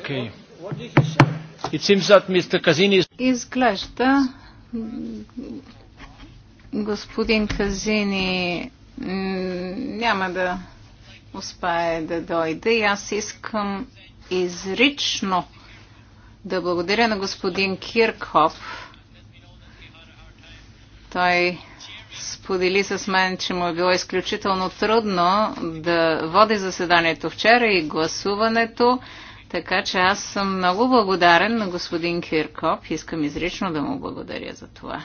Okay. It seems that Mr. Kazini is... Изглежда господин Казини няма да успее да дойде и аз искам изрично да благодаря на господин Киркхоп. Той сподели с мен, че му е било изключително трудно да води заседанието вчера и гласуването, така че аз съм много благодарен на господин Киркоп. Искам изрично да му благодаря за това.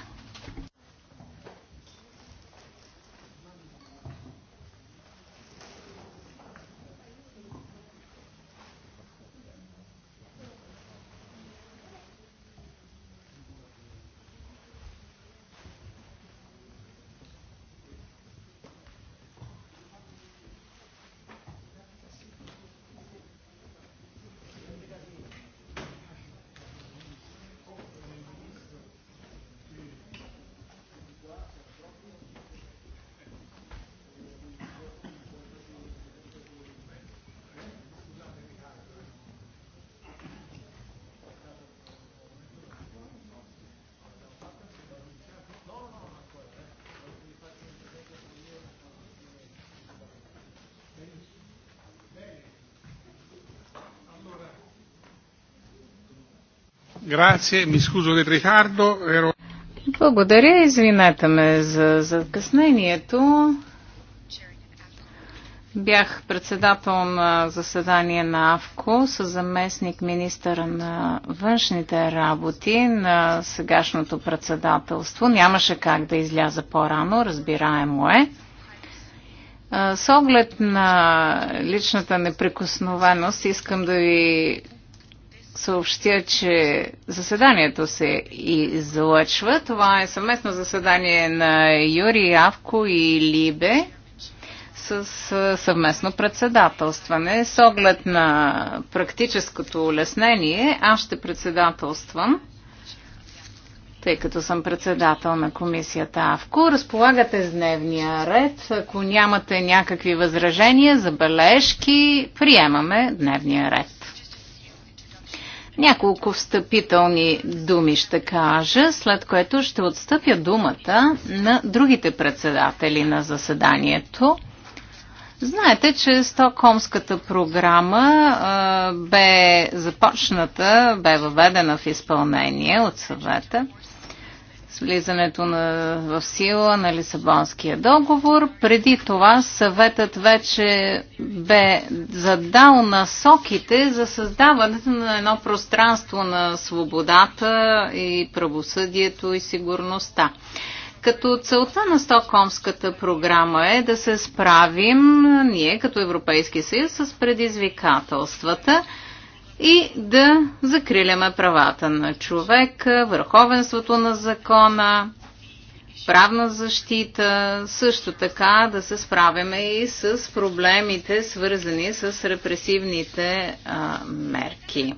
Grazie, mi scuso del ritardo. Ero... Благодаря, извинете ме за закъснението. Бях председател на заседание на АВКО с заместник министъра на външните работи на сегашното председателство. Нямаше как да изляза по-рано, разбираемо е. С оглед на личната неприкосновеност искам да ви съобщя, че заседанието се излъчва. Това е съвместно заседание на Юрий Авко и Либе с съвместно председателстване. С оглед на практическото улеснение, аз ще председателствам, тъй като съм председател на комисията АВКО. Разполагате с дневния ред. Ако нямате някакви възражения, забележки, приемаме дневния ред. Няколко встъпителни думи ще кажа, след което ще отстъпя думата на другите председатели на заседанието. Знаете, че Стокхолмската програма а, бе започната, бе въведена в изпълнение от съвета влизането на, в сила на Лисабонския договор. Преди това съветът вече бе задал насоките за създаването на едно пространство на свободата и правосъдието и сигурността. Като целта на Стокхолмската програма е да се справим ние като Европейски съюз с предизвикателствата, и да закриляме правата на човека, върховенството на закона, правна защита, също така да се справяме и с проблемите, свързани с репресивните а, мерки.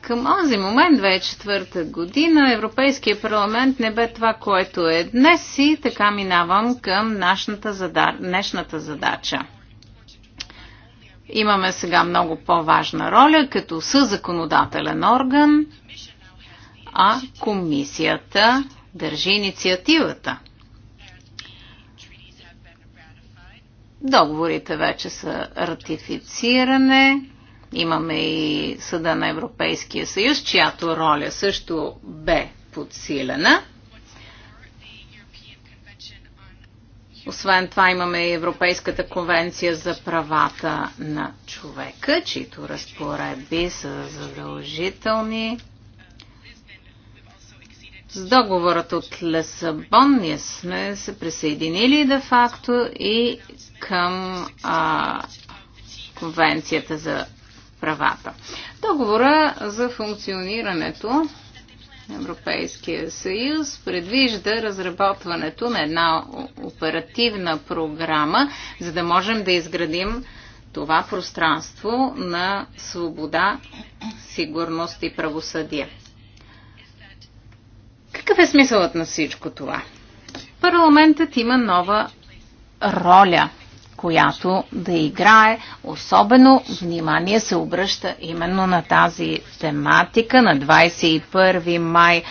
Към този момент, 2004 година, Европейския парламент не бе това, което е днес и така минавам към нашата днешната задача. Имаме сега много по-важна роля като съзаконодателен орган, а комисията държи инициативата. Договорите вече са ратифициране. Имаме и Съда на Европейския съюз, чиято роля също бе подсилена. Освен това имаме и Европейската конвенция за правата на човека, чието разпоредби са задължителни. С договорът от Лесабон ние сме се присъединили де-факто и към а, Конвенцията за правата. Договора за функционирането Европейския съюз предвижда разработването на една оперативна програма, за да можем да изградим това пространство на свобода, сигурност и правосъдие. Какъв е смисълът на всичко това? Парламентът има нова роля – която да играе. Особено внимание се обръща именно на тази тематика. На 21 май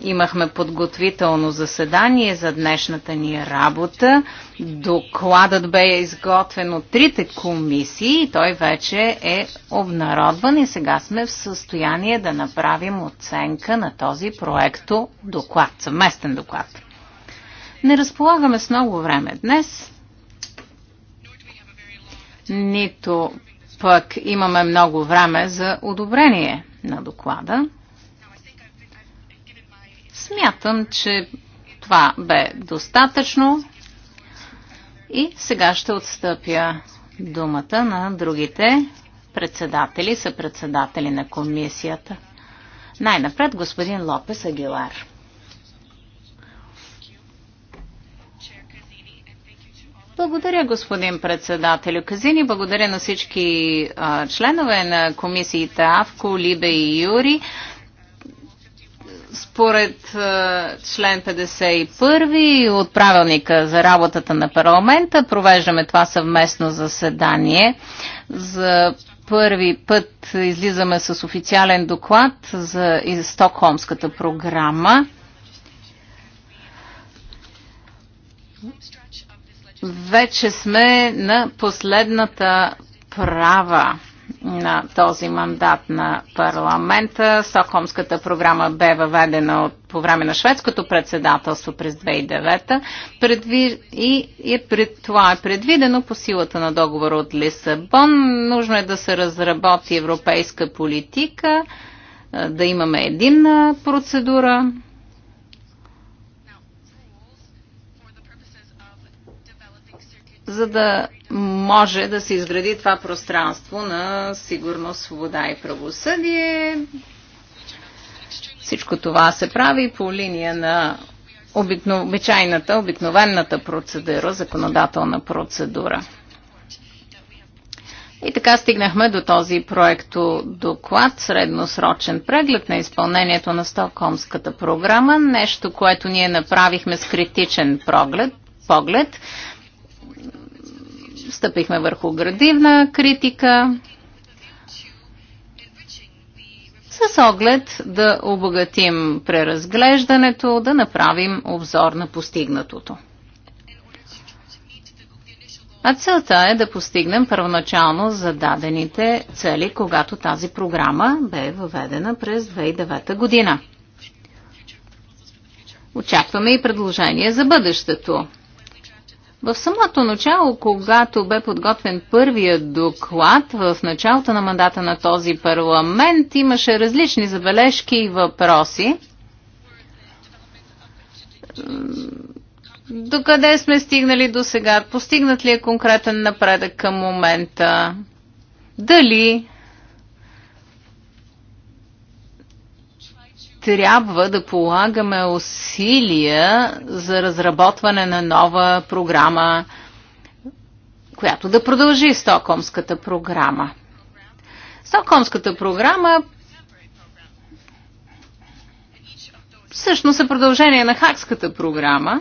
имахме подготвително заседание за днешната ни работа. Докладът бе изготвен от трите комисии и той вече е обнародван и сега сме в състояние да направим оценка на този проекто доклад, съвместен доклад. Не разполагаме с много време днес, нито пък имаме много време за одобрение на доклада. Смятам, че това бе достатъчно и сега ще отстъпя думата на другите председатели, са председатели на комисията. Най-напред господин Лопес Агилар. Благодаря, господин председател. Казини, благодаря на всички а, членове на комисиите АВКО, Либе и Юри. Според а, член 51 от правилника за работата на парламента провеждаме това съвместно заседание за първи път излизаме с официален доклад за Стокхолмската програма. Вече сме на последната права на този мандат на парламента. Стокхолмската програма бе въведена от, по време на шведското председателство през 2009 предви, и и пред, това е предвидено по силата на договора от Лисабон. Нужно е да се разработи европейска политика, да имаме единна процедура за да може да се изгради това пространство на сигурност, свобода и правосъдие. Всичко това се прави по линия на обикно, обичайната, обикновената процедура, законодателна процедура. И така стигнахме до този проекто доклад, средносрочен преглед на изпълнението на Стокхолмската програма, нещо, което ние направихме с критичен проглед, поглед стъпихме върху градивна критика с оглед да обогатим преразглеждането, да направим обзор на постигнатото. А целта е да постигнем първоначално зададените цели, когато тази програма бе въведена през 2009 година. Очакваме и предложение за бъдещето. В самото начало, когато бе подготвен първия доклад в началото на мандата на този парламент, имаше различни забележки и въпроси. Докъде сме стигнали до сега? Постигнат ли е конкретен напредък към момента? Дали трябва да полагаме усилия за разработване на нова програма, която да продължи Стокхолмската програма. Стокхолмската програма всъщност е продължение на Хакската програма.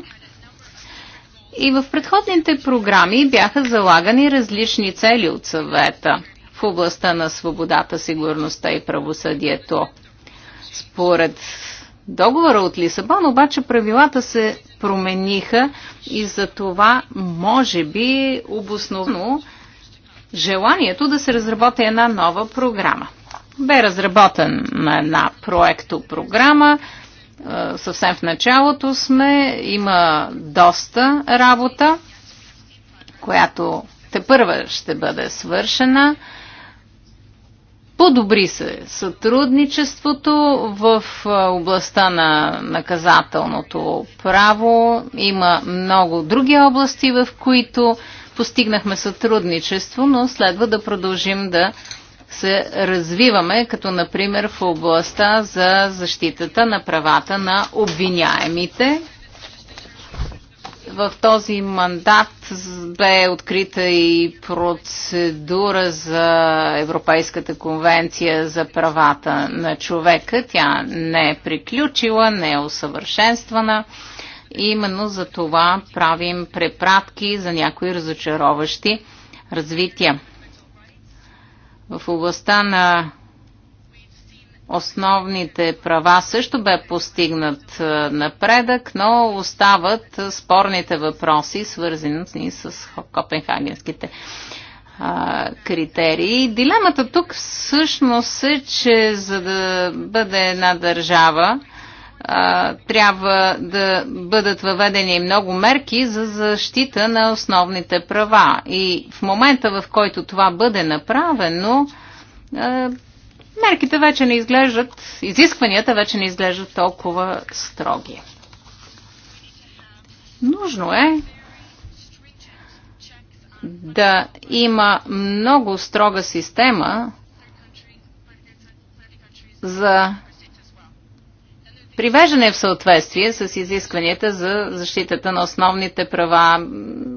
И в предходните програми бяха залагани различни цели от съвета в областта на свободата, сигурността и правосъдието. Според договора от Лисабон обаче правилата се промениха и за това може би обосновано желанието да се разработи една нова програма. Бе разработен на една проектопрограма, е, съвсем в началото сме, има доста работа, която те първа ще бъде свършена. Подобри се сътрудничеството в областта на наказателното право. Има много други области, в които постигнахме сътрудничество, но следва да продължим да се развиваме, като например в областта за защитата на правата на обвиняемите в този мандат бе открита и процедура за Европейската конвенция за правата на човека. Тя не е приключила, не е усъвършенствана. именно за това правим препратки за някои разочароващи развития. В областта на основните права също бе постигнат е, напредък, но остават спорните въпроси, свързани с копенхагенските критерии. Дилемата тук всъщност е, че за да бъде една държава, трябва да бъдат въведени много мерки за защита на основните права. И в момента, в който това бъде направено, е, мерките вече не изглеждат, изискванията вече не изглеждат толкова строги. Нужно е да има много строга система за привеждане в съответствие с изискванията за защитата на основните права.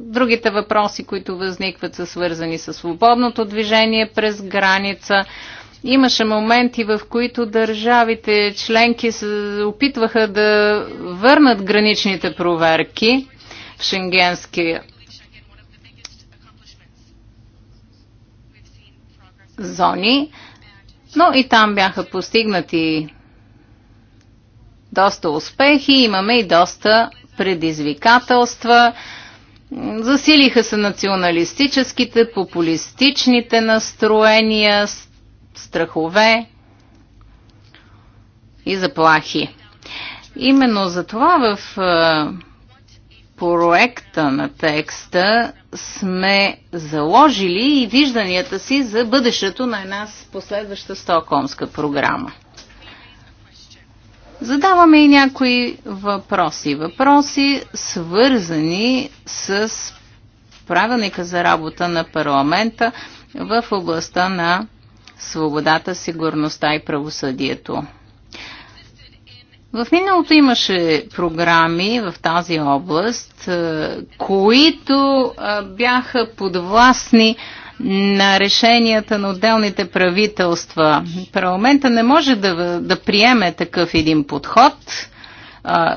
Другите въпроси, които възникват, са свързани с свободното движение през граница, Имаше моменти, в които държавите членки се опитваха да върнат граничните проверки в шенгенския зони, но и там бяха постигнати доста успехи, имаме и доста предизвикателства. Засилиха се националистическите, популистичните настроения, страхове и заплахи. Именно за това в е, проекта на текста сме заложили и вижданията си за бъдещето на една последваща стокомска програма. Задаваме и някои въпроси. Въпроси свързани с правилника за работа на парламента в областта на свободата, сигурността и правосъдието. В миналото имаше програми в тази област, е, които е, бяха подвластни на решенията на отделните правителства. Парламента не може да, да приеме такъв един подход, а, е,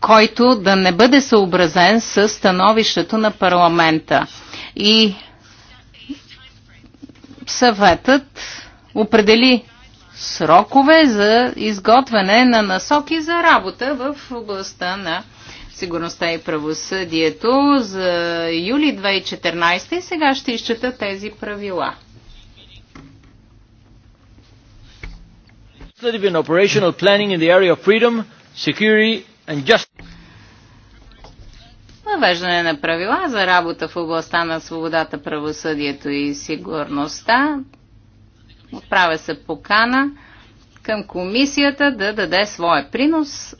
който да не бъде съобразен с становището на парламента. И съветът определи срокове за изготвяне на насоки за работа в областта на сигурността и правосъдието за юли 2014 и сега ще изчета тези правила. Legislative and operational planning in the area of freedom, security and justice въвеждане на правила за работа в областта на свободата, правосъдието и сигурността. Отправя се покана към комисията да даде своя принос.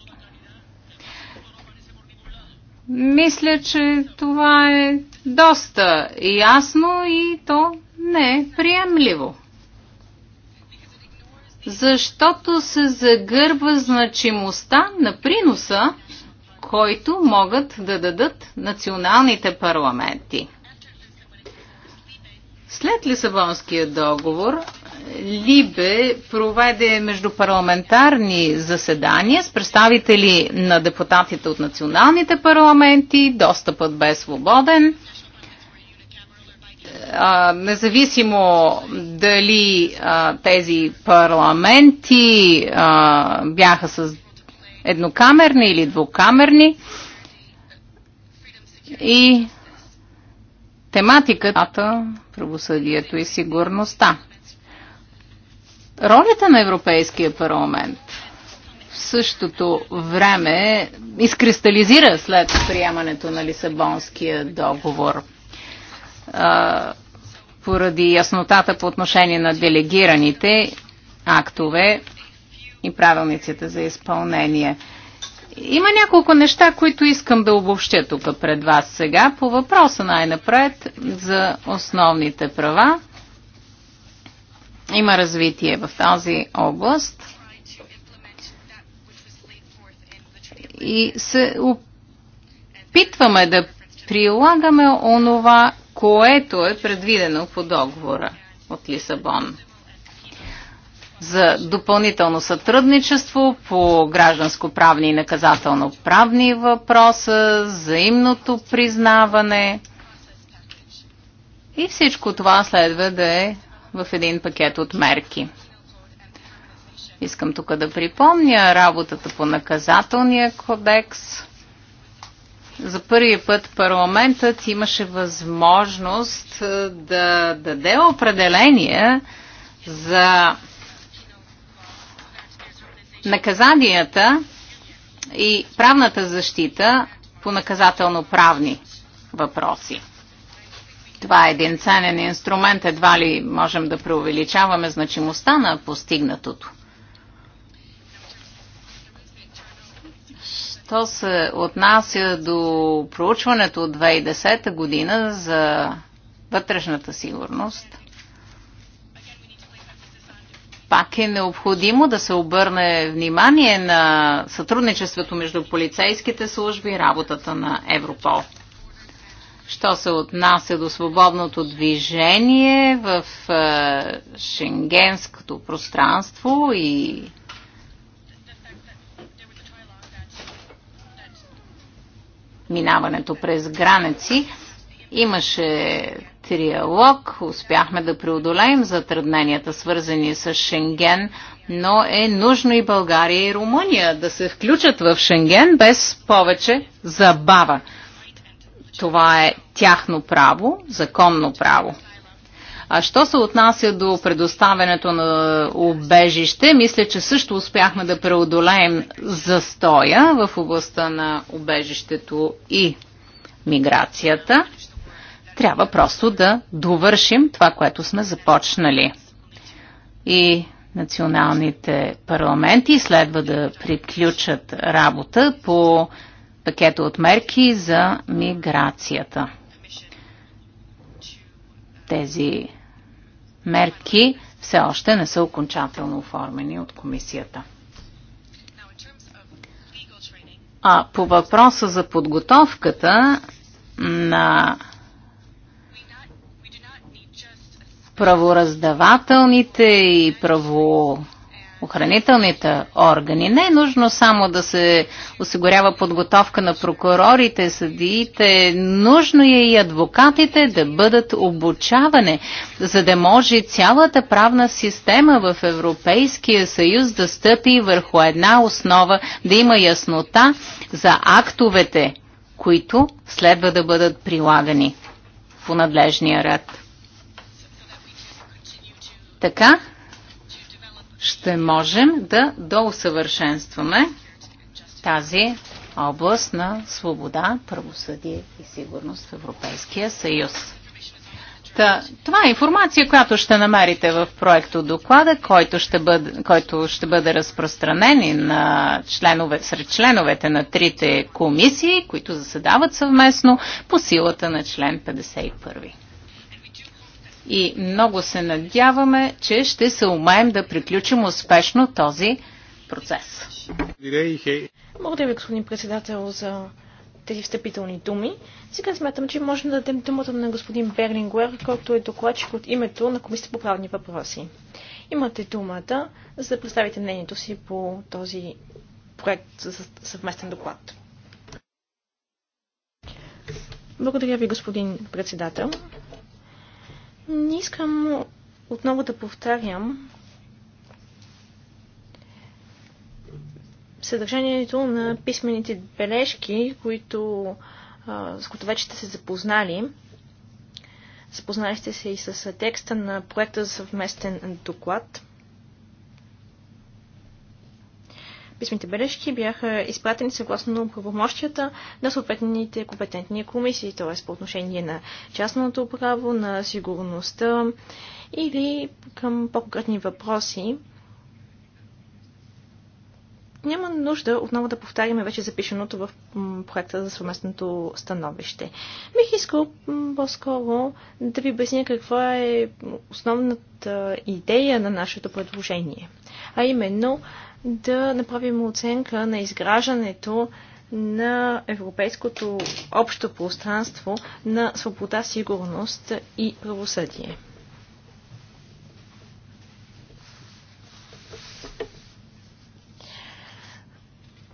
Мисля, че това е доста ясно и то не е приемливо защото се загърва значимостта на приноса който могат да дадат националните парламенти. След Лисабонския договор Либе проведе междупарламентарни заседания с представители на депутатите от националните парламенти. Достъпът бе свободен. А, независимо дали а, тези парламенти а, бяха с еднокамерни или двукамерни. И тематиката, е правосъдието и сигурността. Ролята на Европейския парламент в същото време изкристализира след приемането на Лисабонския договор поради яснотата по отношение на делегираните актове и правилниците за изпълнение. Има няколко неща, които искам да обобщя тук пред вас сега по въпроса най-напред за основните права. Има развитие в тази област и се опитваме да прилагаме онова, което е предвидено по договора от Лисабон за допълнително сътрудничество по гражданско-правни и наказателно-правни въпроса, взаимното признаване. И всичко това следва да е в един пакет от мерки. Искам тук да припомня работата по наказателния кодекс. За първи път парламентът имаше възможност да даде определение за наказанията и правната защита по наказателно-правни въпроси. Това е един ценен инструмент, едва ли можем да преувеличаваме значимостта на постигнатото. Що се отнася до проучването от 2010 година за вътрешната сигурност – пак е необходимо да се обърне внимание на сътрудничеството между полицейските служби и работата на Европол. Що се отнася до свободното движение в е, шенгенското пространство и минаването през граници, имаше триалог успяхме да преодолеем затрудненията, свързани с Шенген, но е нужно и България и Румъния да се включат в Шенген без повече забава. Това е тяхно право, законно право. А що се отнася до предоставянето на обежище, мисля, че също успяхме да преодолеем застоя в областта на обежището и миграцията. Трябва просто да довършим това, което сме започнали. И националните парламенти следва да приключат работа по пакета от мерки за миграцията. Тези мерки все още не са окончателно оформени от комисията. А по въпроса за подготовката на правораздавателните и правоохранителните органи. Не е нужно само да се осигурява подготовка на прокурорите, съдиите, нужно е и адвокатите да бъдат обучаване, за да може цялата правна система в Европейския съюз да стъпи върху една основа, да има яснота за актовете, които следва да бъдат прилагани по надлежния ред. Така ще можем да доусъвършенстваме тази област на свобода, правосъдие и сигурност в Европейския съюз. Та, това е информация, която ще намерите в проекто доклада, който ще бъде, който ще бъде разпространен и на членове, сред членовете на трите комисии, които заседават съвместно по силата на член 51 и много се надяваме, че ще се умаем да приключим успешно този процес. Благодаря ви, господин председател, за тези встъпителни думи. Сега смятам, че можем да дадем думата на господин Берлингуер, който е докладчик от името на Комисията по правни въпроси. Имате думата, за да представите мнението си по този проект за съвместен доклад. Благодаря ви, господин председател. Не искам отново да повтарям съдържанието на писмените бележки, които, с които вече сте се запознали. Запознали сте се и с текста на проекта за съвместен доклад. Писмените бележки бяха изпратени съгласно правомощията на съответните компетентни комисии, т.е. по отношение на частното право, на сигурността или към по-конкретни въпроси, няма нужда отново да повтаряме вече запишеното в проекта за съвместното становище. Бих искал по-скоро да ви обясня каква е основната идея на нашето предложение. А именно да направим оценка на изграждането на европейското общо пространство на свобода, сигурност и правосъдие.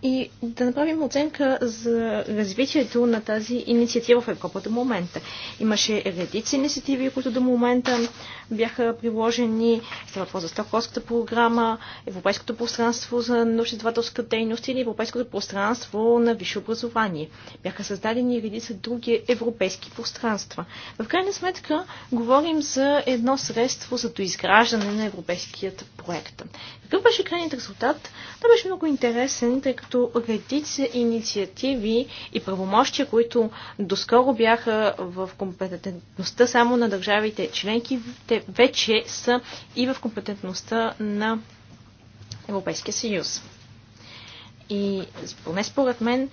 и да направим оценка за развитието на тази инициатива в Европа до момента. Имаше редици инициативи, които до момента бяха приложени. Става въпрос за Стокхолмската програма, Европейското пространство за научно-издавателска дейност или Европейското пространство на висше образование. Бяха създадени редица други европейски пространства. В крайна сметка говорим за едно средство за доизграждане на европейският проект. Какъв беше крайният резултат? Той беше много интересен, тъй като редица инициативи и правомощия, които доскоро бяха в компетентността само на държавите членки, те вече са и в компетентността на Европейския съюз. И поне според мен,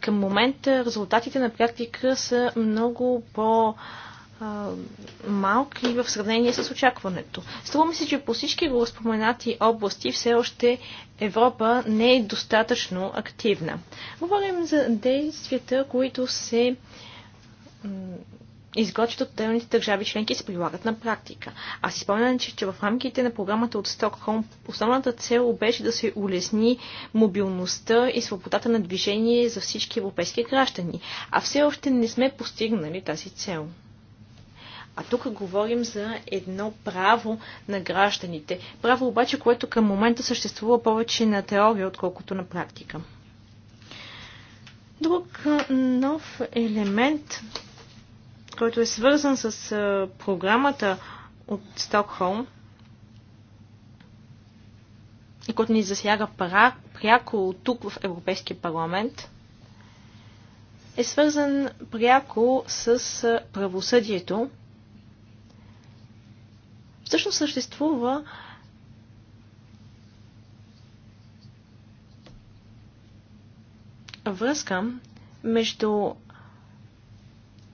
към момента резултатите на практика са много по- малки в сравнение с очакването. Струва ми се, че по всички го споменати области все още Европа не е достатъчно активна. Говорим за действията, които се изготвят от отделните държави членки и се прилагат на практика. Аз си спомням, че, че в рамките на програмата от Стокхолм основната цел беше да се улесни мобилността и свободата на движение за всички европейски граждани, а все още не сме постигнали тази цел. А тук говорим за едно право на гражданите. Право обаче, което към момента съществува повече на теория, отколкото на практика. Друг нов елемент, който е свързан с програмата от Стокхолм, и който ни засяга пряко тук в Европейския парламент, е свързан пряко с правосъдието всъщност съществува връзка между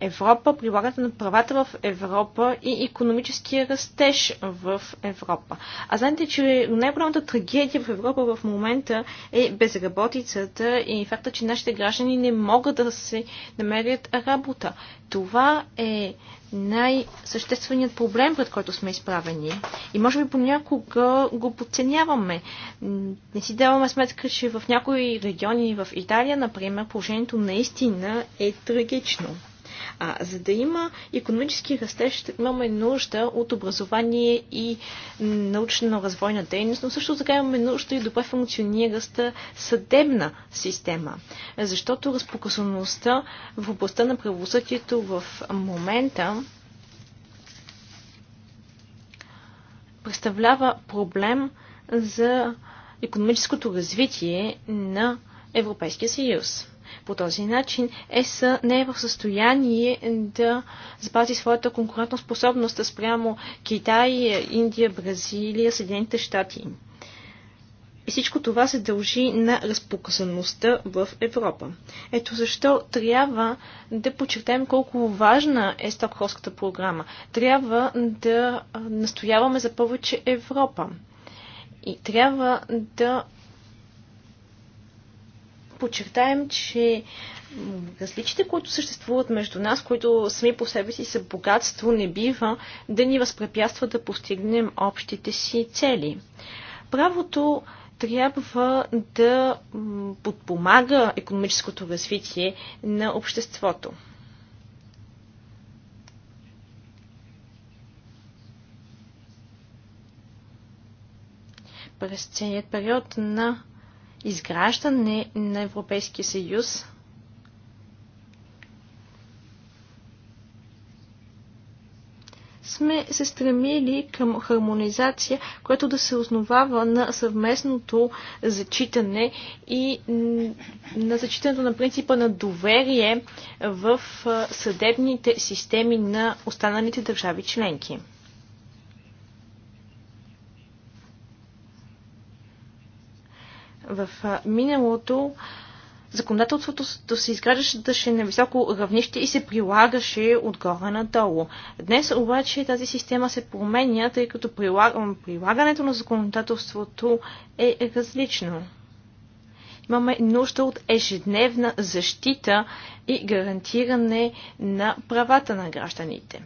Европа, прилагането на правата в Европа и економическия растеж в Европа. А знаете, че най-голямата трагедия в Европа в момента е безработицата и факта, че нашите граждани не могат да се намерят работа. Това е най-същественият проблем, пред който сме изправени. И може би понякога го подценяваме. Не си даваме сметка, че в някои региони в Италия, например, положението наистина е трагично. А, за да има економически растеж, имаме нужда от образование и научно-развойна дейност, но също така имаме нужда и добре функционираща съдебна система. Защото разпокъсаността в областта на правосъдието в момента представлява проблем за економическото развитие на Европейския съюз. По този начин ЕС не е в състояние да запази своята конкурентна способност спрямо Китай, Индия, Бразилия, Съединените щати. И всичко това се дължи на разпокъсаността в Европа. Ето защо трябва да подчертаем колко важна е Стокхолската програма. Трябва да настояваме за повече Европа. И трябва да подчертаем, че различите, които съществуват между нас, които сами по себе си са богатство, не бива да ни възпрепятства да постигнем общите си цели. Правото трябва да подпомага економическото развитие на обществото. През целият период на изграждане на Европейския съюз сме се стремили към хармонизация, която да се основава на съвместното зачитане и на зачитането на принципа на доверие в съдебните системи на останалите държави членки. В миналото законодателството се изграждаше на високо равнище и се прилагаше отгоре надолу. Днес обаче тази система се променя, тъй като прилагането на законодателството е различно. Имаме нужда от ежедневна защита и гарантиране на правата на гражданите.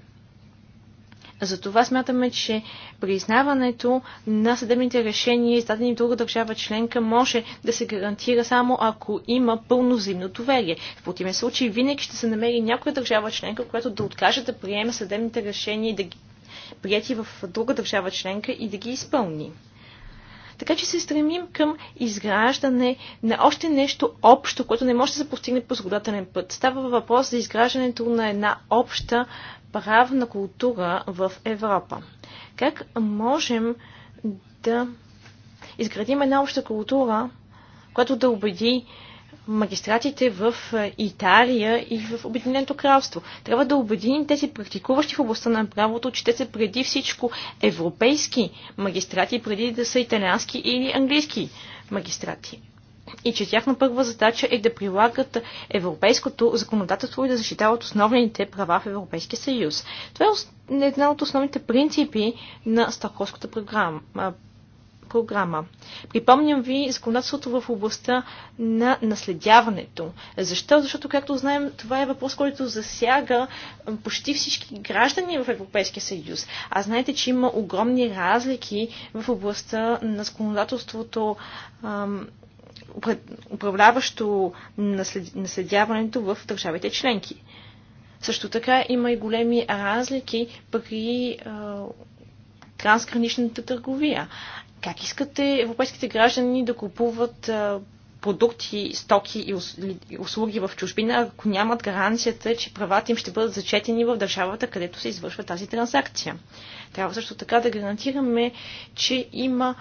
Затова смятаме, че признаването на съдебните решения, издадени в друга държава членка, може да се гарантира само ако има пълно взаимно доверие. В противен случай винаги ще се намери някоя държава членка, която да откаже да приеме съдебните решения и да ги прияти в друга държава членка и да ги изпълни. Така че се стремим към изграждане на още нещо общо, което не може да се постигне по сгодателен път. Става въпрос за изграждането на една обща правна култура в Европа. Как можем да изградим една обща култура, която да убеди магистратите в е, Италия и в Обединеното кралство. Трябва да убедим тези практикуващи в областта на правото, че те са преди всичко европейски магистрати, преди да са италиански или английски магистрати и че тяхна първа задача е да прилагат европейското законодателство и да защитават основните права в Европейския съюз. Това е една от основните принципи на Стокхолмската програма. програма. Припомням ви законодателството в областта на наследяването. Защо? Защото, както знаем, това е въпрос, който засяга почти всички граждани в Европейския съюз. А знаете, че има огромни разлики в областта на законодателството ам, управляващо наследяването в държавите членки. Също така има и големи разлики при трансграничната търговия. Как искате европейските граждани да купуват продукти, стоки и услуги в чужбина, ако нямат гаранцията, че правата им ще бъдат зачетени в държавата, където се извършва тази транзакция. Трябва също така да гарантираме, че има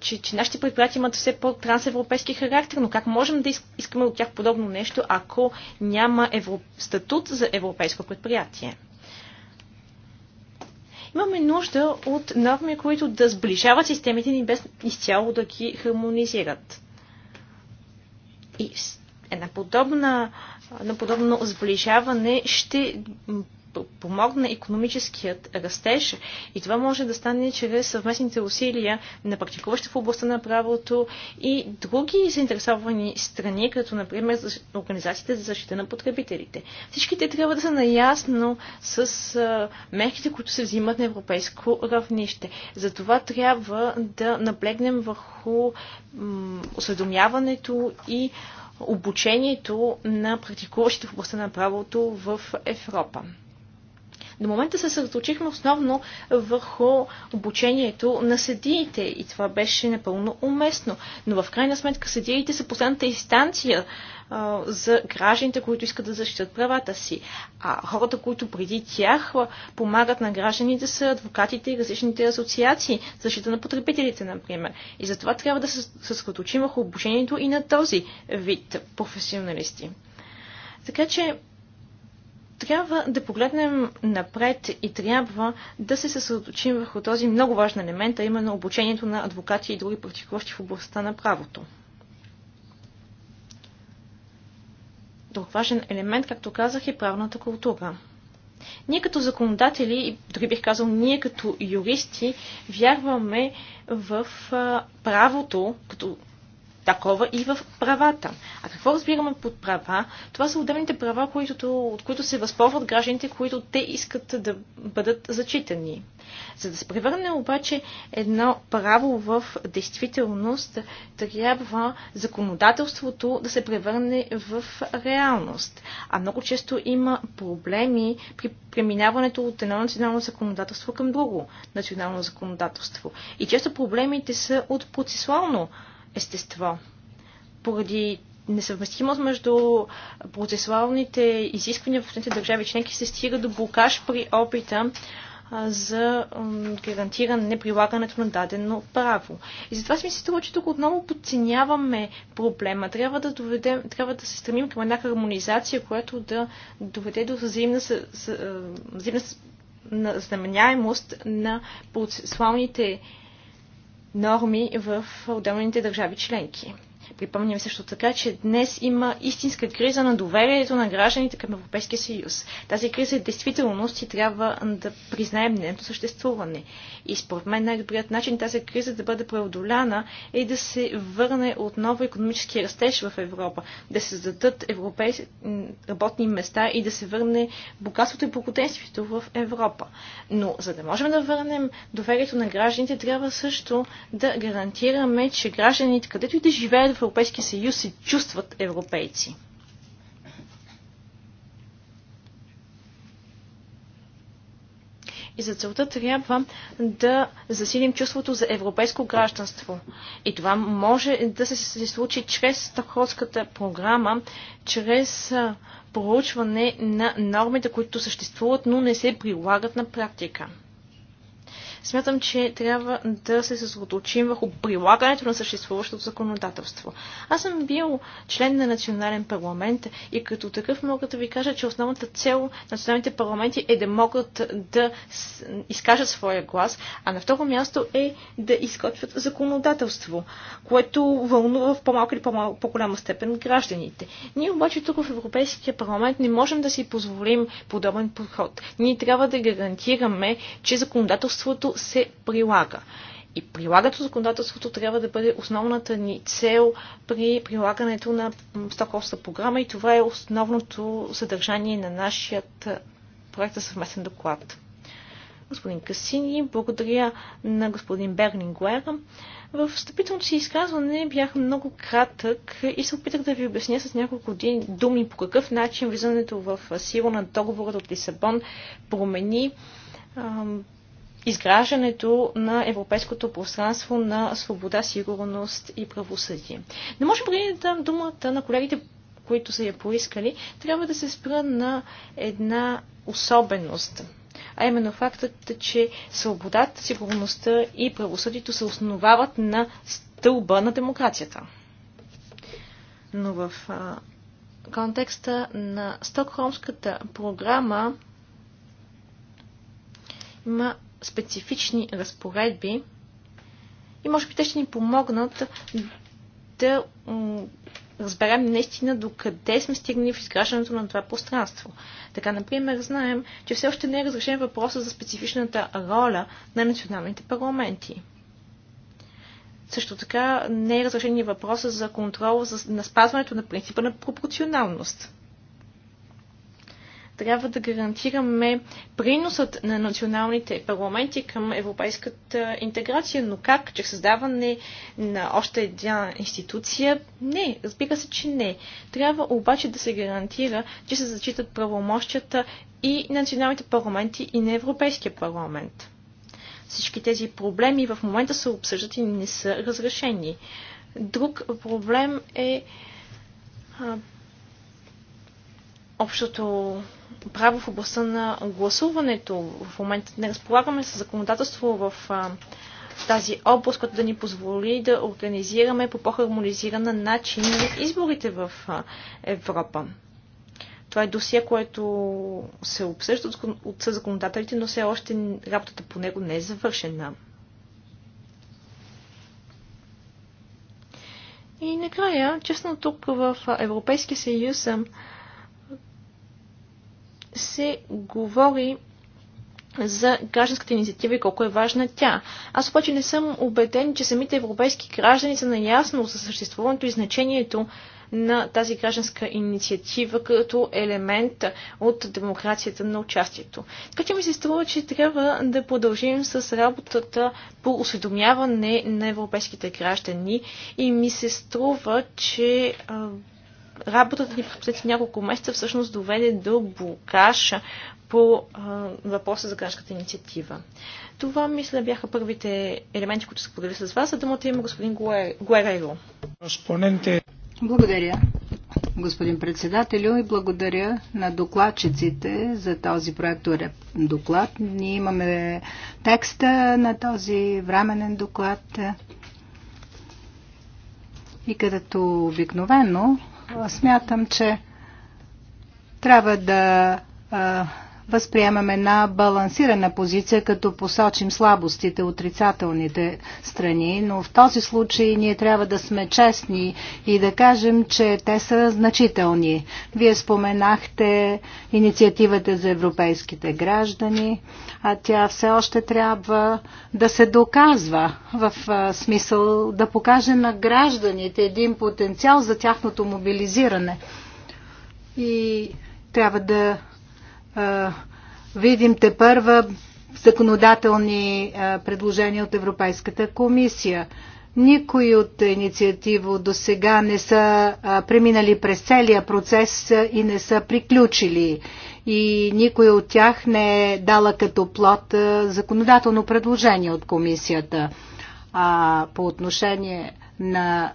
че, че нашите предприятия имат все по-трансевропейски характер, но как можем да искаме от тях подобно нещо, ако няма евро... статут за европейско предприятие? Имаме нужда от норми, които да сближават системите ни без изцяло да ги хармонизират. И една подобна, на подобно сближаване ще помогне економическият растеж и това може да стане чрез съвместните усилия на практикуващи в областта на правото и други заинтересовани страни, като например организациите за защита на потребителите. Всички те трябва да са наясно с мерките, които се взимат на европейско равнище. Затова трябва да наблегнем върху осведомяването и обучението на практикуващите в областта на правото в Европа. До момента се съсредоточихме основно върху обучението на съдиите и това беше напълно уместно. Но в крайна сметка съдиите са последната инстанция за гражданите, които искат да защитят правата си. А хората, които преди тях помагат на гражданите са адвокатите и различните асоциации, защита на потребителите, например. И затова трябва да се съсредоточим върху обучението и на този вид професионалисти. Така че трябва да погледнем напред и трябва да се съсредоточим върху този много важен елемент, а именно обучението на адвокати и други практикуващи в областта на правото. Друг важен елемент, както казах, е правната култура. Ние като законодатели, и дори бих казал ние като юристи, вярваме в правото като такова и в правата. А какво разбираме под права? Това са отделните права, които, от които се възползват гражданите, които те искат да бъдат зачитани. За да се превърне обаче едно право в действителност, трябва законодателството да се превърне в реалност. А много често има проблеми при преминаването от едно национално законодателство към друго национално законодателство. И често проблемите са от процесуално естество. Поради несъвместимост между процесуалните изисквания в отделните държави членки се стига до блокаж при опита за гарантиране неприлагането на дадено право. И затова си ми се струва, че тук отново подценяваме проблема. Трябва да, доведем, трябва да се стремим към една хармонизация, която да доведе до взаимна, взаимна на знаменяемост на процесуалните норми в отделните държави членки. Припомням също така, че днес има истинска криза на доверието на гражданите към Европейския съюз. Тази криза е действителност и трябва да признаем нейното съществуване. И според мен най-добрият начин тази криза да бъде преодоляна е да се върне отново економически растеж в Европа, да се създадат европейски работни места и да се върне богатството и благоденствието в Европа. Но за да можем да върнем доверието на гражданите, трябва също да гарантираме, че гражданите, където и да живеят в Европейския съюз се чувстват европейци. И за целта трябва да засилим чувството за европейско гражданство. И това може да се случи чрез Стокхолмската програма, чрез проучване на нормите, които съществуват, но не се прилагат на практика. Смятам, че трябва да се съсредоточим върху прилагането на съществуващото законодателство. Аз съм бил член на национален парламент и като такъв мога да ви кажа, че основната цел на националните парламенти е да могат да изкажат своя глас, а на второ място е да изготвят законодателство, което вълнува в по-малка или по-голяма -по степен гражданите. Ние обаче тук в Европейския парламент не можем да си позволим подобен подход. Ние трябва да гарантираме, че законодателството се прилага. И прилагат, законодателството трябва да бъде основната ни цел при прилагането на стоковска програма и това е основното съдържание на нашия проект за съвместен доклад. Господин Касини, благодаря на господин Бернингуер. В встъпителното си изказване бях много кратък и се опитах да ви обясня с няколко думи по какъв начин влизането в сила на договорът от Лисабон промени изграждането на европейското пространство на свобода, сигурност и правосъдие. Не може преди да дам думата на колегите, които са я поискали, трябва да се спра на една особеност а именно фактът, че свободата, сигурността и правосъдието се основават на стълба на демокрацията. Но в а, контекста на Стокхолмската програма има специфични разпоредби и може би те ще ни помогнат да разберем наистина до къде сме стигнали в изграждането на това пространство. Така, например, знаем, че все още не е разрешен въпроса за специфичната роля на националните парламенти. Също така не е разрешен и въпроса за контрол за, на спазването на принципа на пропорционалност трябва да гарантираме приносът на националните парламенти към европейската интеграция, но как? че създаване на още една институция? Не, разбира се, че не. Трябва обаче да се гарантира, че се зачитат правомощията и националните парламенти, и на Европейския парламент. Всички тези проблеми в момента се обсъждат и не са разрешени. Друг проблем е общото право в областта на гласуването. В момента не разполагаме с законодателство в тази област, която да ни позволи да организираме по по-хармонизиран начин изборите в Европа. Това е досие, което се обсъжда от съзаконодателите, но все още работата по него не е завършена. И накрая, честно тук в Европейския съюз се говори за гражданската инициатива и колко е важна тя. Аз обаче не съм убеден, че самите европейски граждани са наясно за съществуването и значението на тази гражданска инициатива като елемент от демокрацията на участието. Така че ми се струва, че трябва да продължим с работата по осведомяване на европейските граждани и ми се струва, че работата ни през последните няколко месеца всъщност доведе до блокаж по а, въпроса за гражданската инициатива. Това, мисля, бяха първите елементи, които се подели с вас, за думата има господин Гуерейло. Благодаря, господин председателю, и благодаря на докладчиците за този проект доклад. Ние имаме текста на този временен доклад и като обикновено смятам, че трябва да Възприемаме една балансирана позиция, като посочим слабостите, отрицателните страни, но в този случай ние трябва да сме честни и да кажем, че те са значителни. Вие споменахте инициативата за европейските граждани, а тя все още трябва да се доказва в смисъл да покаже на гражданите един потенциал за тяхното мобилизиране. И трябва да видим те първа законодателни предложения от Европейската комисия. Никой от инициативо до сега не са преминали през целия процес и не са приключили. И никой от тях не е дала като плод законодателно предложение от комисията. А по отношение на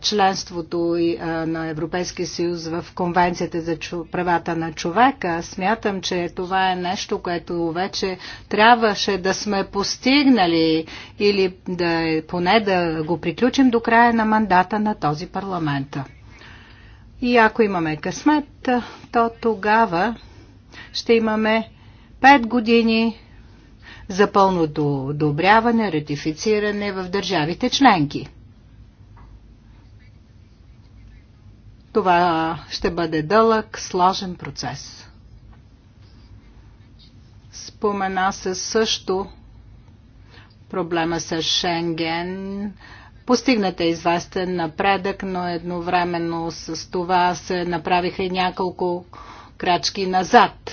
членството и на Европейския съюз в Конвенцията за правата на човека. Смятам, че това е нещо, което вече трябваше да сме постигнали или да, е, поне да го приключим до края на мандата на този парламент. И ако имаме късмет, то тогава ще имаме 5 години за пълното одобряване, ратифициране в държавите членки. Това ще бъде дълъг, сложен процес. Спомена се също проблема с Шенген. Постигнат е известен напредък, но едновременно с това се направиха и няколко крачки назад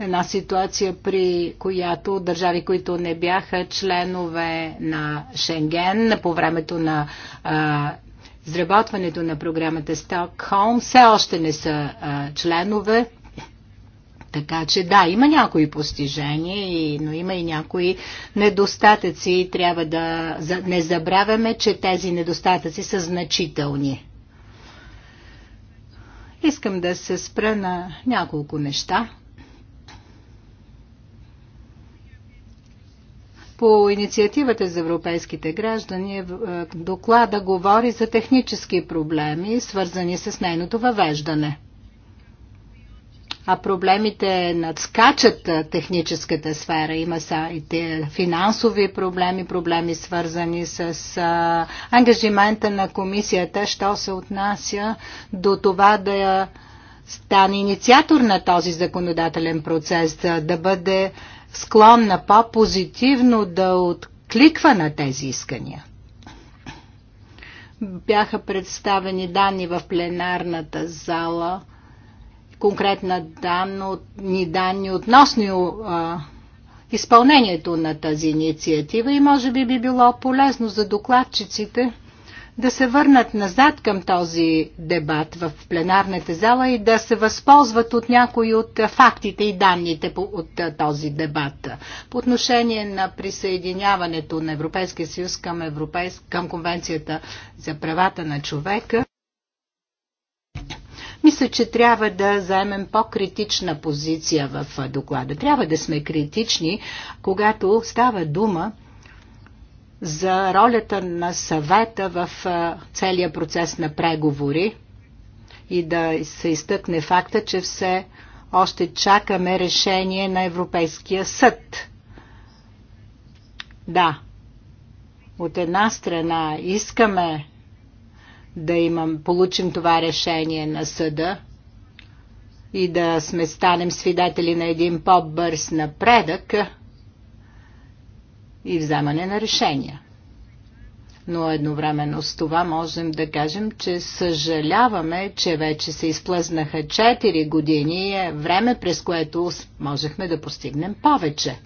една ситуация, при която държави, които не бяха членове на Шенген по времето на а, изработването на програмата Стокхолм, все още не са а, членове. Така че да, има някои постижения, но има и някои недостатъци. Трябва да не забравяме, че тези недостатъци са значителни. Искам да се спра на няколко неща По инициативата за европейските граждани е, е, доклада говори за технически проблеми, свързани с нейното въвеждане. А проблемите надскачат е, техническата сфера. Има са и те финансови проблеми, проблеми свързани с а, ангажимента на комисията, що се отнася до това да стане инициатор на този законодателен процес, да бъде склонна по-позитивно да откликва на тези искания. Бяха представени данни в пленарната зала, конкретна данни ни данни относно а, изпълнението на тази инициатива и може би би било полезно за докладчиците да се върнат назад към този дебат в пленарната зала и да се възползват от някои от фактите и данните от този дебат. По отношение на присъединяването на Европейския съюз към, Европейс... към Конвенцията за правата на човека, мисля, че трябва да заемем по-критична позиция в доклада. Трябва да сме критични, когато става дума за ролята на съвета в целия процес на преговори и да се изтъкне факта, че все още чакаме решение на Европейския съд. Да, от една страна искаме да имам, получим това решение на съда и да сме станем свидетели на един по-бърз напредък – и вземане на решения. Но едновременно с това можем да кажем, че съжаляваме, че вече се изплъзнаха 4 години, е време през което можехме да постигнем повече.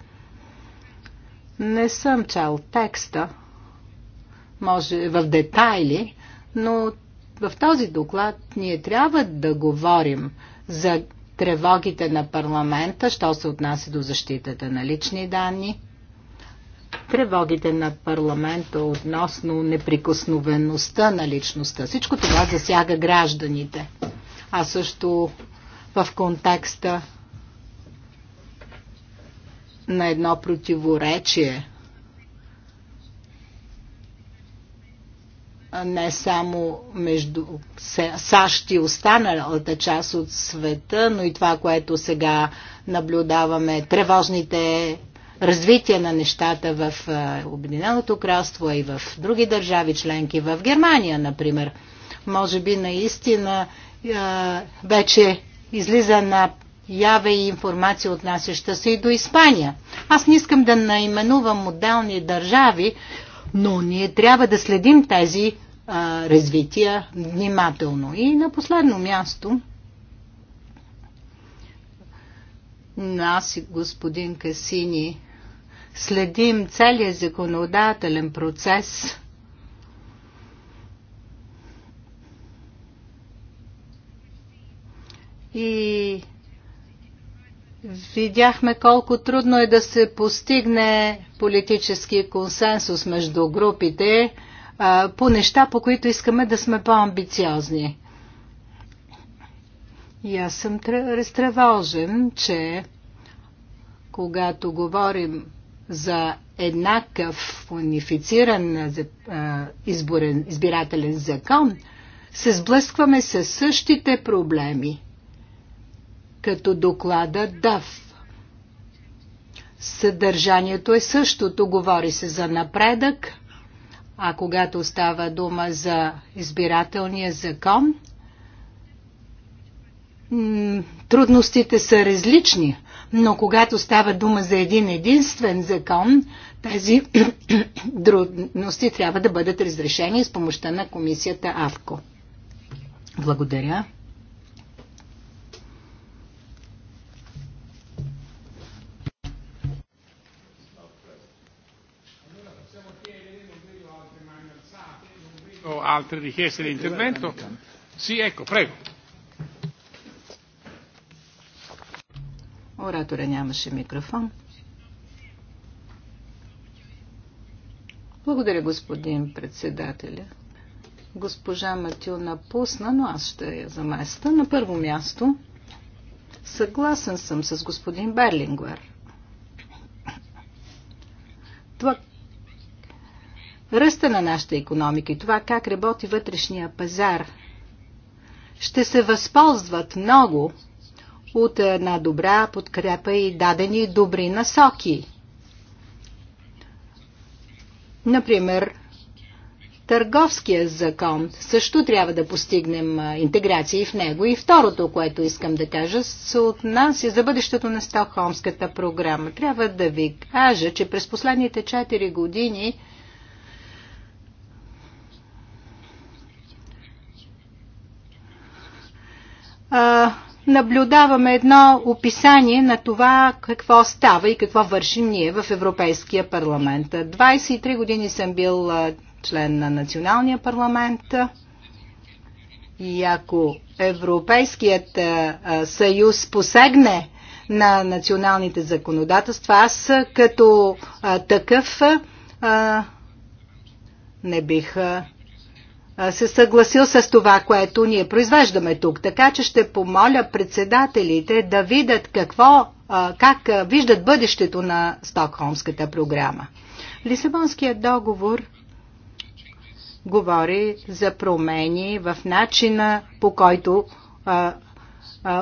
Не съм чел текста, може в детайли, но в този доклад ние трябва да говорим за тревогите на парламента, що се отнася до защитата на лични данни – тревогите на парламента относно неприкосновеността на личността. Всичко това засяга гражданите. А също в контекста на едно противоречие. Не само между САЩ и останалата част от света, но и това, което сега наблюдаваме, тревожните развитие на нещата в Обединеното кралство, и в други държави членки, в Германия, например. Може би наистина вече излиза на яве и информация, отнасяща се и до Испания. Аз не искам да наименувам отделни държави, но ние трябва да следим тези а, развития внимателно. И на последно място, аз и господин Касини следим целият законодателен процес и видяхме колко трудно е да се постигне политически консенсус между групите а, по неща, по които искаме да сме по-амбициозни. И аз съм разтревожен, че когато говорим за еднакъв унифициран изборен, избирателен закон, се сблъскваме с същите проблеми, като доклада ДАВ. Съдържанието е същото, говори се за напредък, а когато става дума за избирателния закон, трудностите са различни – но когато става дума за един единствен закон, тези трудности трябва да бъдат разрешени с помощта на комисията АВКО. Благодаря. Altre richieste di intervento? Sì, ecco, prego. Оратора нямаше микрофон. Благодаря, господин председателя. Госпожа Матю напусна, но аз ще я заместа. На първо място, съгласен съм с господин Берлингвер. Това ръста на нашата економика и това как работи вътрешния пазар ще се възползват много от една добра подкрепа и дадени добри насоки. Например, търговския закон също трябва да постигнем интеграция и в него. И второто, което искам да кажа, се отнася за бъдещето на Стокхолмската програма. Трябва да ви кажа, че през последните 4 години а, наблюдаваме едно описание на това какво става и какво вършим ние в Европейския парламент. 23 години съм бил член на Националния парламент и ако Европейският съюз посегне на националните законодателства, аз като такъв не бих се съгласил с това, което ние произвеждаме тук. Така че ще помоля председателите да видят какво, как виждат бъдещето на Стокхолмската програма. Лисабонският договор говори за промени в начина по който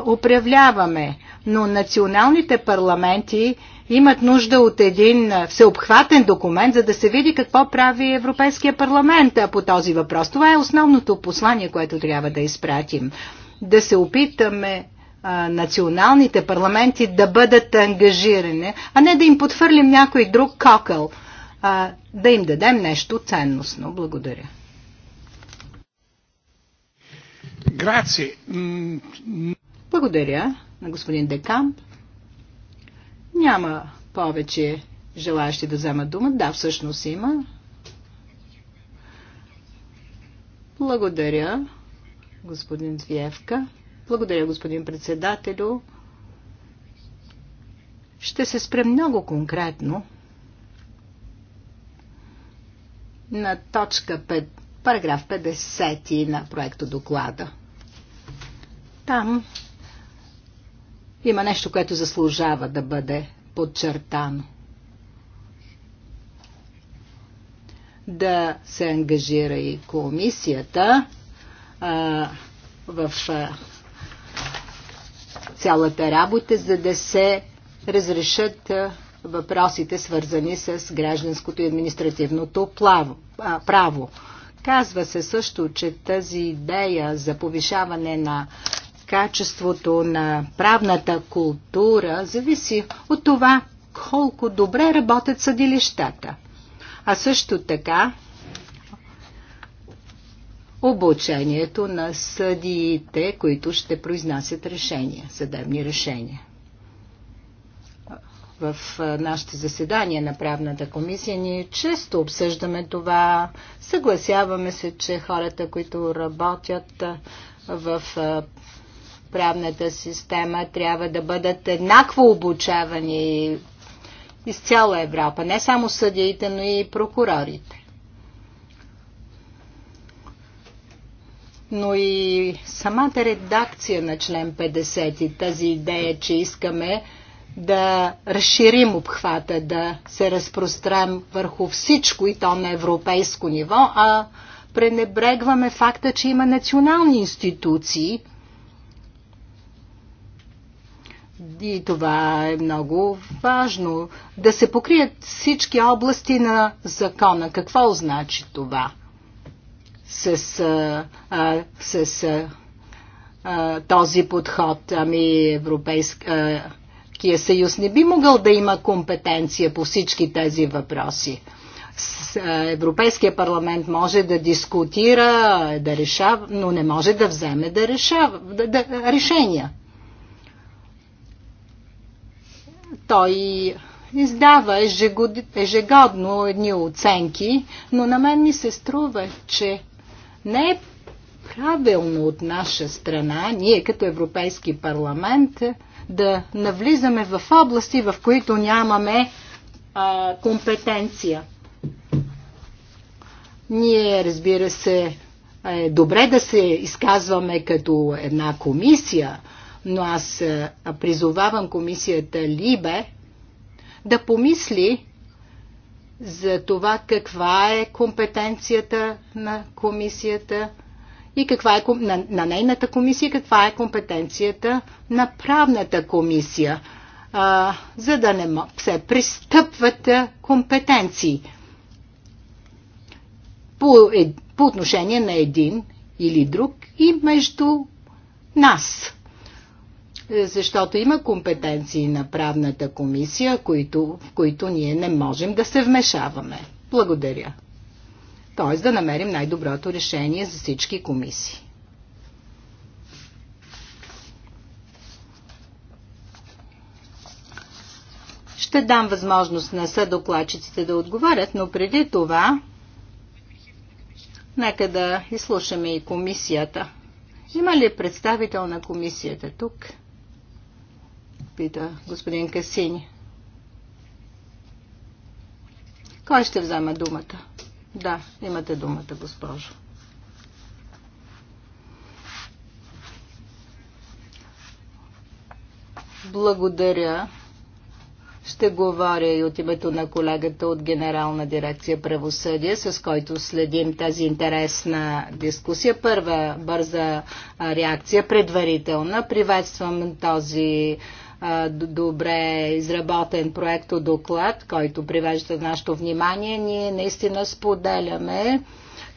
управляваме, но националните парламенти имат нужда от един всеобхватен документ, за да се види какво прави Европейския парламент по този въпрос. Това е основното послание, което трябва да изпратим. Да се опитаме националните парламенти да бъдат ангажирани, а не да им подхвърлим някой друг кокъл, а, да им дадем нещо ценностно. Благодаря. Благодаря на господин Декамп. Няма повече желаящи да вземат дума. Да, всъщност има. Благодаря, господин Звиевка. Благодаря, господин председателю. Ще се спре много конкретно на точка 5, параграф 50 на проекто доклада. Там има нещо, което заслужава да бъде подчертано. Да се ангажира и комисията а, в а, цялата работа, за да се разрешат а, въпросите, свързани с гражданското и административното плаво, а, право. Казва се също, че тази идея за повишаване на качеството на правната култура зависи от това колко добре работят съдилищата. А също така обучението на съдиите, които ще произнасят решения, съдебни решения. В нашите заседания на правната комисия ние често обсъждаме това. Съгласяваме се, че хората, които работят в правната система трябва да бъдат еднакво обучавани из цяла Европа, не само съдиите, но и прокурорите. но и самата редакция на член 50, и тази идея, че искаме да разширим обхвата, да се разпрострем върху всичко и то на европейско ниво, а пренебрегваме факта, че има национални институции – и това е много важно. Да се покрият всички области на закона. Какво значи това? С, а, а, с а, този подход. Ами Европейския съюз не би могъл да има компетенция по всички тези въпроси. Европейския парламент може да дискутира, да решава, но не може да вземе да решава, да, да, решения. Той издава ежегодно едни оценки, но на мен ми се струва, че не е правилно от наша страна, ние като Европейски парламент, да навлизаме в области, в които нямаме а, компетенция. Ние, разбира се, е добре да се изказваме като една комисия, но аз е, призовавам комисията Либе да помисли за това каква е компетенцията на комисията и каква е, на, на нейната комисия, каква е компетенцията на правната комисия, а, за да не се пристъпват е, компетенции по, е, по отношение на един или друг и между нас защото има компетенции на правната комисия, които, в които ние не можем да се вмешаваме. Благодаря. Тоест да намерим най-доброто решение за всички комисии. Ще дам възможност на съдокладчиците да отговарят, но преди това нека да изслушаме и комисията. Има ли представител на комисията тук? пита господин Касини. Кой ще взема думата? Да, имате думата, госпожо. Благодаря. Ще говоря и от името на колегата от Генерална дирекция правосъдие, с който следим тази интересна дискусия. Първа бърза реакция, предварителна. Приветствам този добре изработен проект доклад, който привежда нашето внимание. Ние наистина споделяме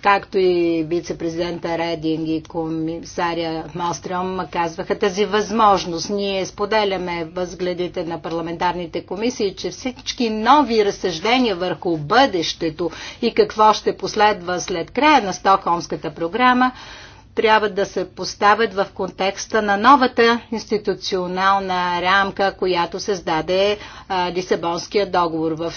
както и вице-президента Рединг и комисаря Мастрем казваха тази възможност. Ние споделяме възгледите на парламентарните комисии, че всички нови разсъждения върху бъдещето и какво ще последва след края на Стокхолмската програма трябва да се поставят в контекста на новата институционална рамка, която създаде Лисабонския договор. В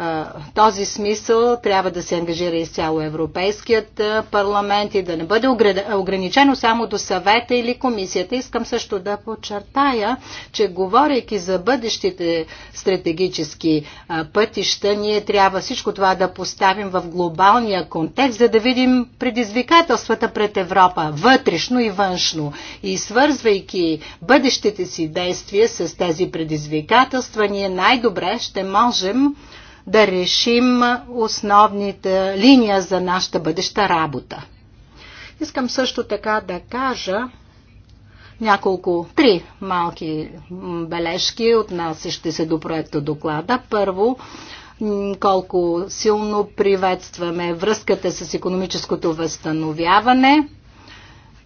в този смисъл трябва да се ангажира изцяло Европейският парламент и да не бъде ограничено само до съвета или комисията. Искам също да подчертая, че говорейки за бъдещите стратегически пътища, ние трябва всичко това да поставим в глобалния контекст, за да видим предизвикателствата пред Европа, вътрешно и външно. И свързвайки бъдещите си действия с тези предизвикателства, ние най-добре ще можем да решим основните линия за нашата бъдеща работа. Искам също така да кажа няколко, три малки бележки, отнасящи се до проекта доклада. Първо, колко силно приветстваме връзката с економическото възстановяване.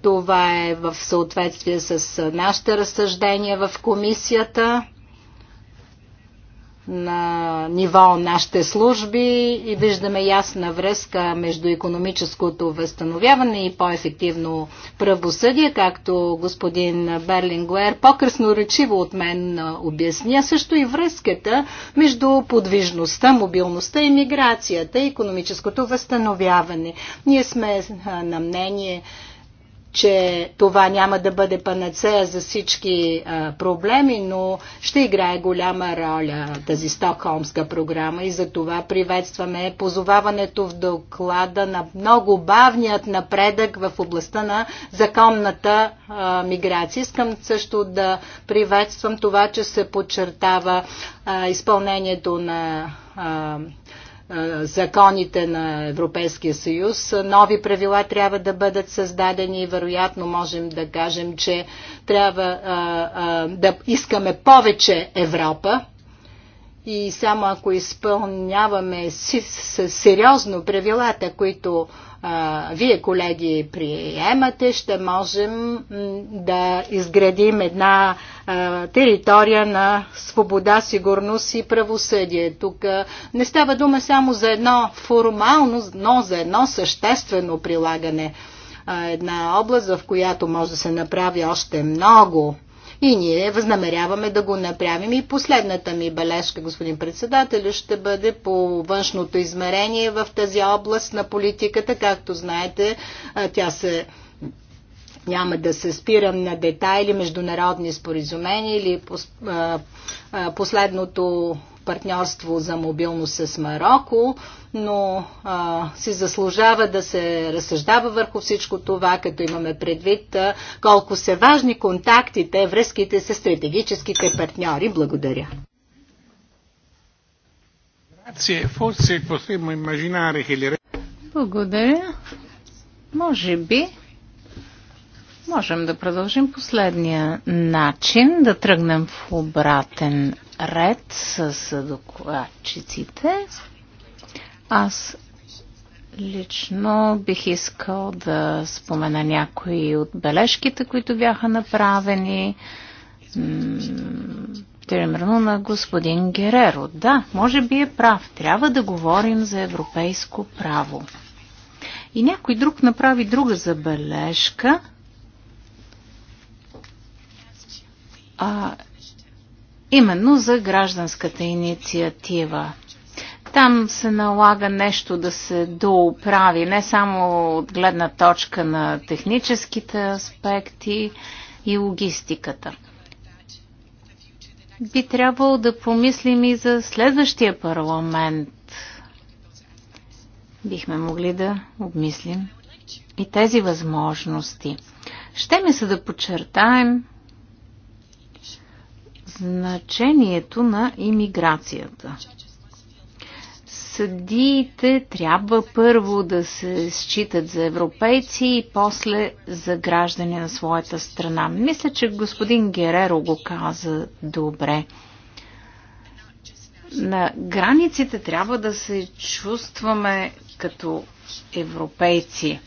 Това е в съответствие с нашите разсъждения в комисията на ниво нашите служби и виждаме ясна връзка между економическото възстановяване и по-ефективно правосъдие, както господин Берлингуер по-късно речиво от мен обясня, също и връзката между подвижността, мобилността и миграцията и економическото възстановяване. Ние сме на мнение, че това няма да бъде панацея за всички а, проблеми, но ще играе голяма роля тази Стокхолмска програма и за това приветстваме позоваването в доклада на много бавният напредък в областта на законната а, миграция. Искам също да приветствам това, че се подчертава а, изпълнението на законите на Европейския съюз. Нови правила трябва да бъдат създадени и вероятно можем да кажем, че трябва да искаме повече Европа. И само ако изпълняваме с, сериозно правилата, които вие, колеги, приемате, ще можем да изградим една територия на свобода, сигурност и правосъдие. Тук не става дума само за едно формално, но за едно съществено прилагане. една област, в която може да се направи още много и ние възнамеряваме да го направим. И последната ми бележка, господин председател, ще бъде по външното измерение в тази област на политиката. Както знаете, тя се няма да се спирам на детайли, международни споразумения или последното партньорство за мобилност с Марокко, но а, си заслужава да се разсъждава върху всичко това, като имаме предвид а, колко са важни контактите, връзките с стратегическите партньори. Благодаря. Благодаря. Може би можем да продължим последния начин, да тръгнем в обратен ред с докладчиците. Аз лично бих искал да спомена някои от бележките, които бяха направени. Примерно на господин Гереро. Да, може би е прав. Трябва да говорим за европейско право. И някой друг направи друга забележка. А, именно за гражданската инициатива. Там се налага нещо да се доуправи, не само от гледна точка на техническите аспекти и логистиката. Би трябвало да помислим и за следващия парламент. Бихме могли да обмислим и тези възможности. Ще ми се да подчертаем, значението на имиграцията. Съдиите трябва първо да се считат за европейци и после за граждани на своята страна. Мисля, че господин Гереро го каза добре. На границите трябва да се чувстваме като европейци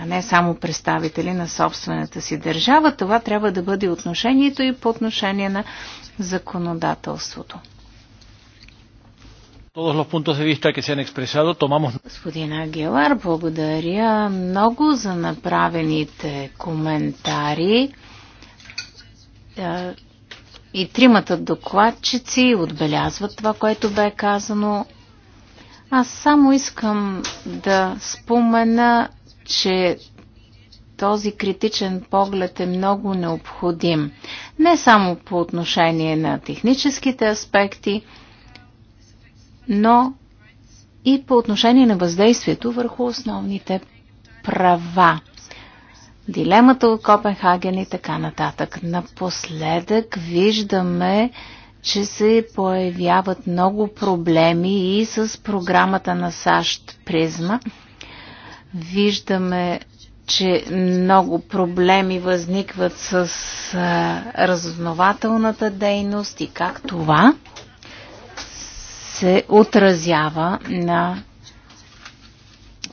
а не само представители на собствената си държава. Това трябва да бъде отношението и по отношение на законодателството. Господин Гелар, благодаря много за направените коментари. Е, и тримата докладчици отбелязват това, което бе казано. Аз само искам да спомена че този критичен поглед е много необходим. Не само по отношение на техническите аспекти, но и по отношение на въздействието върху основните права. Дилемата от Копенхаген и така нататък. Напоследък виждаме, че се появяват много проблеми и с програмата на САЩ Призма – Виждаме, че много проблеми възникват с разузнавателната дейност и как това се отразява на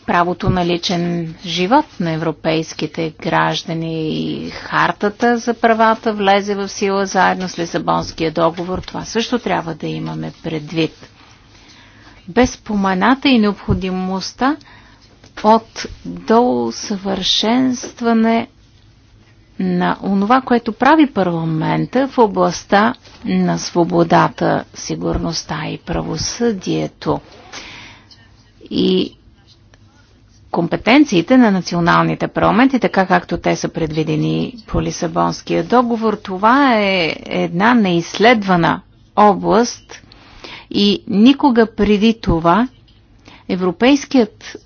правото на личен живот на европейските граждани и хартата за правата влезе в сила заедно с Лисабонския договор. Това също трябва да имаме предвид. Без спомената и необходимостта от до усъвършенстване на онова, което прави парламента в областта на свободата, сигурността и правосъдието и компетенциите на националните парламенти, така както те са предвидени по Лисабонския договор. Това е една неизследвана област и никога преди това Европейският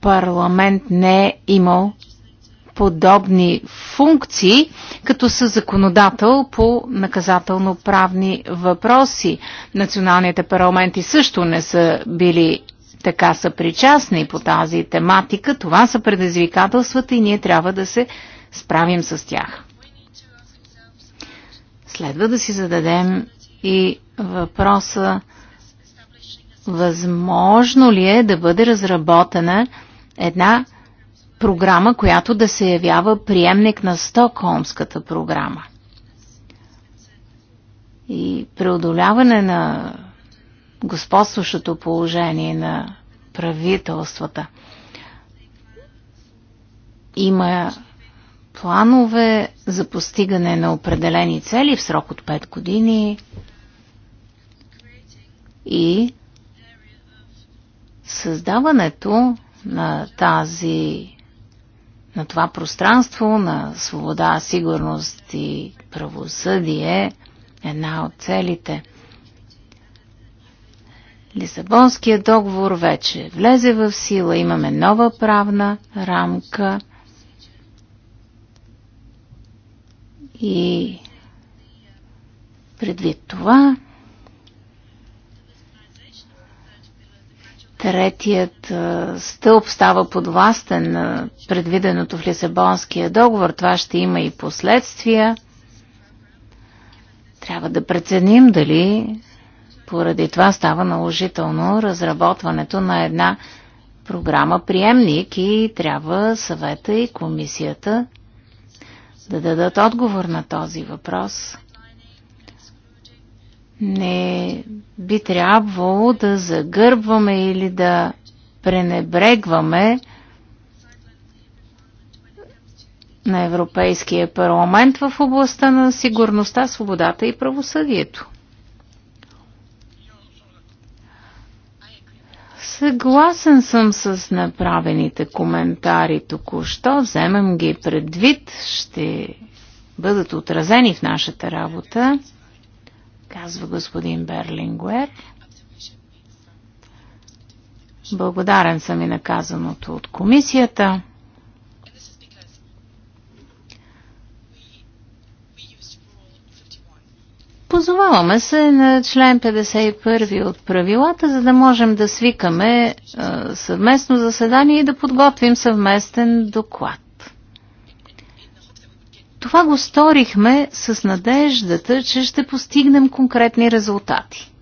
парламент не е имал подобни функции, като са законодател по наказателно-правни въпроси. Националните парламенти също не са били така са причастни по тази тематика. Това са предизвикателствата и ние трябва да се справим с тях. Следва да си зададем и въпроса възможно ли е да бъде разработена една програма, която да се явява приемник на Стокхолмската програма. И преодоляване на господстващото положение на правителствата. Има планове за постигане на определени цели в срок от 5 години и създаването на тази на това пространство на свобода, сигурност и правосъдие една от целите. Лисабонският договор вече влезе в сила, имаме нова правна рамка и предвид това Третият стълб става подвластен на предвиденото в Лисабонския договор. Това ще има и последствия. Трябва да преценим дали поради това става наложително разработването на една програма приемник и трябва съвета и комисията да дадат отговор на този въпрос не би трябвало да загърбваме или да пренебрегваме на Европейския парламент в областта на сигурността, свободата и правосъдието. Съгласен съм с направените коментари току-що. Вземем ги предвид, ще бъдат отразени в нашата работа казва господин Берлингуер. Благодарен съм и наказаното от комисията. Позоваваме се на член 51 от правилата, за да можем да свикаме съвместно заседание и да подготвим съвместен доклад. Това го сторихме с надеждата, че ще постигнем конкретни резултати.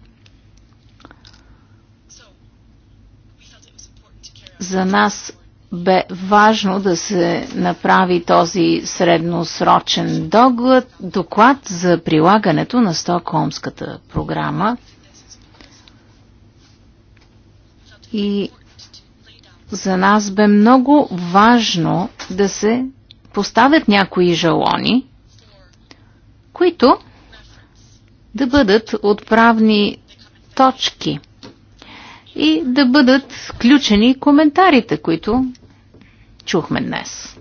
За нас бе важно да се направи този средносрочен доклад, доклад за прилагането на Стокхолмската програма и за нас бе много важно да се поставят някои жалони, които да бъдат отправни точки и да бъдат включени коментарите, които чухме днес.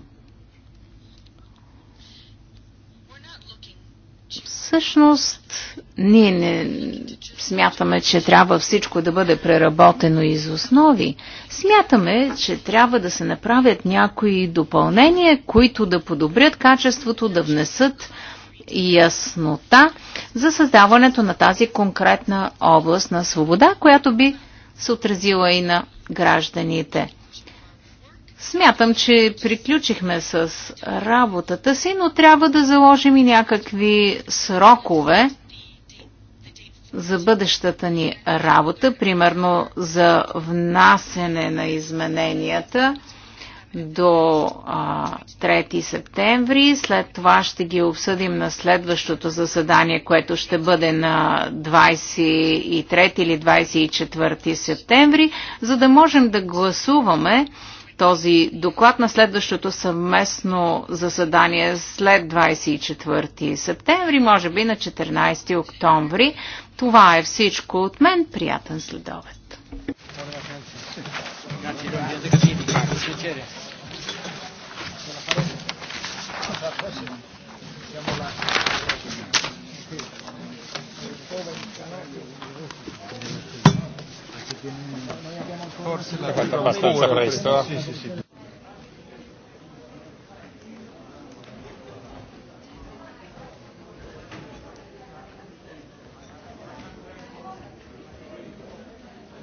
Всъщност, ние не смятаме, че трябва всичко да бъде преработено из основи. Смятаме, че трябва да се направят някои допълнения, които да подобрят качеството, да внесат яснота за създаването на тази конкретна област на свобода, която би се отразила и на гражданите. Смятам, че приключихме с работата си, но трябва да заложим и някакви срокове за бъдещата ни работа, примерно за внасене на измененията до а, 3 септември. След това ще ги обсъдим на следващото заседание, което ще бъде на 23 или 24 септември, за да можем да гласуваме този доклад на следващото съвместно заседание след 24 септември, може би на 14 октомври. Това е всичко от мен. Приятен следовет. Forse la abbastanza presto. Sì, sì, sì.